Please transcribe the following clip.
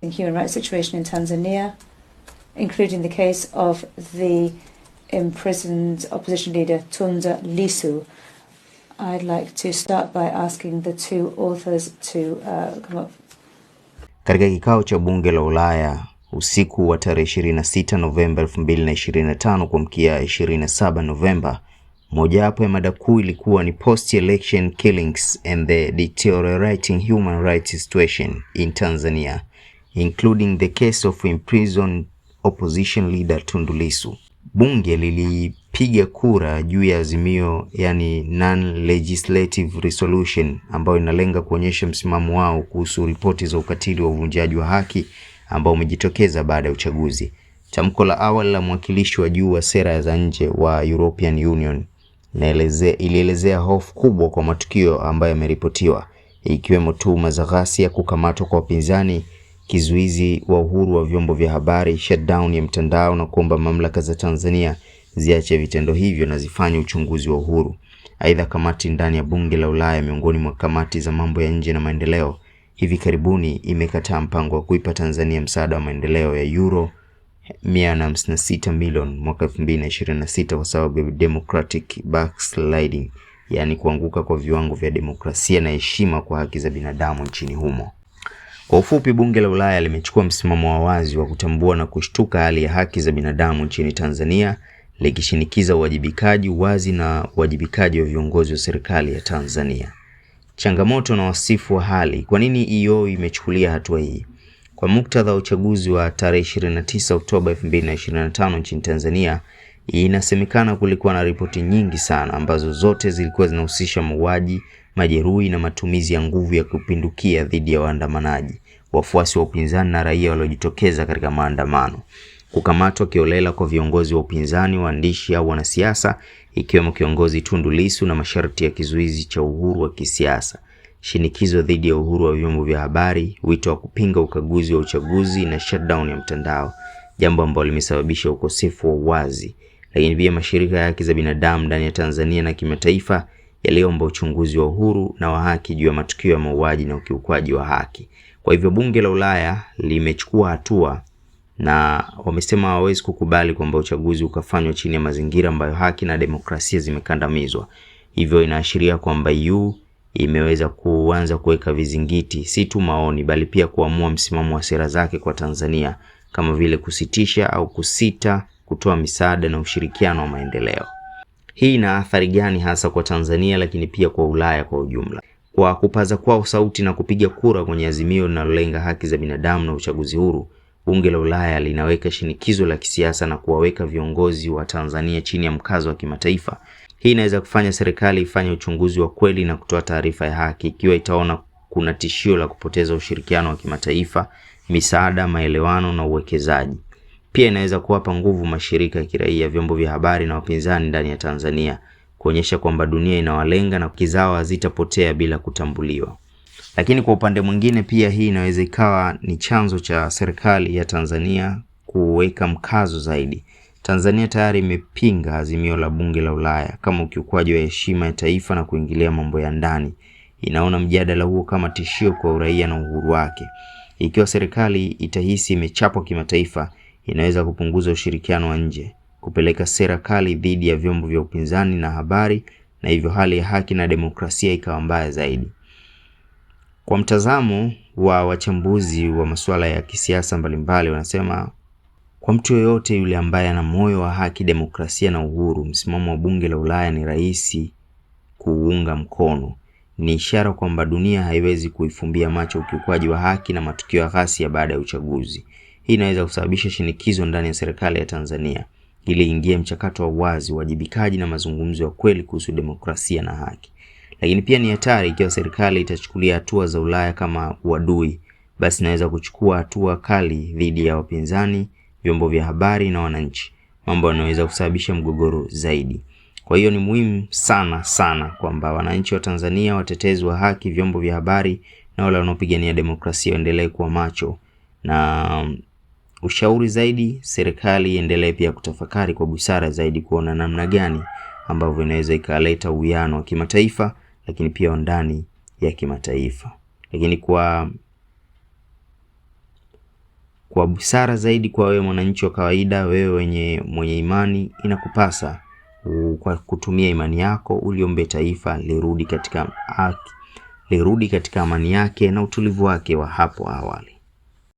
the human rights situation in Tanzania, including the case of the imprisoned opposition leader Tunda Lisu. I'd like to start by asking the two authors to uh, come up. Katika kikao cha bunge la Ulaya usiku wa tarehe 26 Novemba 2025 kuamkia 27 Novemba, mojawapo ya mada kuu ilikuwa ni post election killings and the deteriorating human rights situation in Tanzania including the case of imprisoned opposition leader Tundu Lissu. Bunge lilipiga kura juu ya azimio yani non legislative resolution ambayo inalenga kuonyesha msimamo wao kuhusu ripoti za ukatili wa uvunjaji wa haki ambao umejitokeza baada ya uchaguzi. Tamko la awali la mwakilishi wa juu wa sera za nje wa European Union ilielezea hofu kubwa kwa matukio ambayo yameripotiwa ikiwemo tuhuma za ghasia, kukamatwa kwa wapinzani kizuizi wa uhuru wa vyombo vya habari, shutdown ya mtandao na kuomba mamlaka za Tanzania ziache vitendo hivyo na zifanye uchunguzi wa uhuru. Aidha, kamati ndani ya bunge la Ulaya miongoni mwa kamati za mambo ya nje na maendeleo hivi karibuni imekataa mpango wa kuipa Tanzania msaada wa maendeleo ya euro 156 milioni mwaka 2026 kwa sababu ya democratic backsliding, yaani kuanguka kwa viwango vya demokrasia na heshima kwa haki za binadamu nchini humo. Kwa ufupi, bunge la Ulaya limechukua msimamo wa wazi wa kutambua na kushtuka hali ya haki za binadamu nchini Tanzania likishinikiza uwajibikaji, wazi na uwajibikaji wa viongozi wa serikali ya Tanzania. Changamoto na wasifu wa hali. Kwa nini EAO imechukulia hatua hii? Kwa muktadha wa uchaguzi wa tarehe 29 Oktoba 2025 nchini Tanzania, inasemekana kulikuwa na ripoti nyingi sana ambazo zote zilikuwa zinahusisha mauaji, majeruhi na matumizi ya nguvu ya kupindukia dhidi ya waandamanaji, wafuasi wa upinzani na raia waliojitokeza katika maandamano. Kukamatwa kiolela kwa viongozi wa upinzani, waandishi au wanasiasa, ikiwemo kiongozi Tundu Lissu na masharti ya kizuizi cha uhuru wa kisiasa. Shinikizo dhidi ya uhuru wa vyombo vya habari, wito wa kupinga ukaguzi wa uchaguzi na shutdown ya mtandao, jambo ambalo limesababisha ukosefu wa uwazi. Lakini pia mashirika ya haki za binadamu ndani ya Tanzania na kimataifa yaliomba uchunguzi wa uhuru na wa haki juu ya matukio ya mauaji na ukiukwaji wa haki. Kwa hivyo bunge la Ulaya limechukua hatua na wamesema hawawezi kukubali kwamba uchaguzi ukafanywa chini ya mazingira ambayo haki na demokrasia zimekandamizwa. Hivyo inaashiria kwamba EU imeweza kuanza kuweka vizingiti, si tu maoni, bali pia kuamua msimamo wa sera zake kwa Tanzania, kama vile kusitisha au kusita kutoa misaada na ushirikiano wa maendeleo. Hii ina athari gani hasa kwa Tanzania lakini pia kwa Ulaya kwa ujumla? Kwa kupaza kwao sauti na kupiga kura kwenye azimio linalolenga haki za binadamu na uchaguzi huru, bunge la Ulaya linaweka shinikizo la kisiasa na kuwaweka viongozi wa Tanzania chini ya mkazo wa kimataifa. Hii inaweza kufanya serikali ifanye uchunguzi wa kweli na kutoa taarifa ya haki ikiwa itaona kuna tishio la kupoteza ushirikiano wa kimataifa, misaada, maelewano na uwekezaji. Pia inaweza kuwapa nguvu mashirika ya kiraia, vyombo vya habari na wapinzani ndani ya Tanzania kuonyesha kwamba dunia inawalenga na kizao hazitapotea bila kutambuliwa. Lakini kwa upande mwingine, pia hii inaweza ikawa ni chanzo cha serikali ya Tanzania kuweka mkazo zaidi. Tanzania tayari imepinga azimio la bunge la Ulaya kama ukiukwaji wa heshima ya taifa na kuingilia mambo ya ndani. Inaona mjadala huo kama tishio kwa uraia na uhuru wake. Ikiwa serikali itahisi imechapwa kimataifa, inaweza kupunguza ushirikiano wa nje, kupeleka sera kali dhidi ya vyombo vya upinzani na habari, na hivyo hali ya haki na demokrasia ikawa mbaya zaidi. Kwa mtazamo wa wachambuzi wa masuala ya kisiasa mbalimbali, wanasema kwa mtu yoyote yule ambaye ana moyo wa haki, demokrasia na uhuru, msimamo wa bunge la Ulaya ni rahisi kuunga mkono. Ni ishara kwamba dunia haiwezi kuifumbia macho ukiukwaji wa haki na matukio ya ghasia baada ya uchaguzi. Hii inaweza kusababisha shinikizo ndani ya serikali ya Tanzania ili ingie mchakato wa wazi uwajibikaji na mazungumzo ya kweli kuhusu demokrasia na haki. Lakini pia ni hatari ikiwa serikali itachukulia hatua za Ulaya kama uadui, basi inaweza kuchukua hatua kali dhidi ya wapinzani, vyombo vya habari na wananchi, mambo yanaweza kusababisha mgogoro zaidi. Kwa hiyo ni muhimu sana sana kwamba wananchi wa Tanzania, watetezi wa haki, vyombo vya habari na wale wanaopigania demokrasia waendelee kuwa macho na Ushauri zaidi, serikali iendelee pia kutafakari kwa busara zaidi kuona namna gani ambavyo inaweza ikaleta uwiano wa kimataifa, lakini pia ndani ya kimataifa. Lakini kwa kwa busara zaidi, kwa wewe mwananchi wa kawaida, wewe wenye mwenye imani, inakupasa kwa kutumia imani yako uliombe taifa lirudi katika lirudi katika amani yake na utulivu wake wa hapo awali.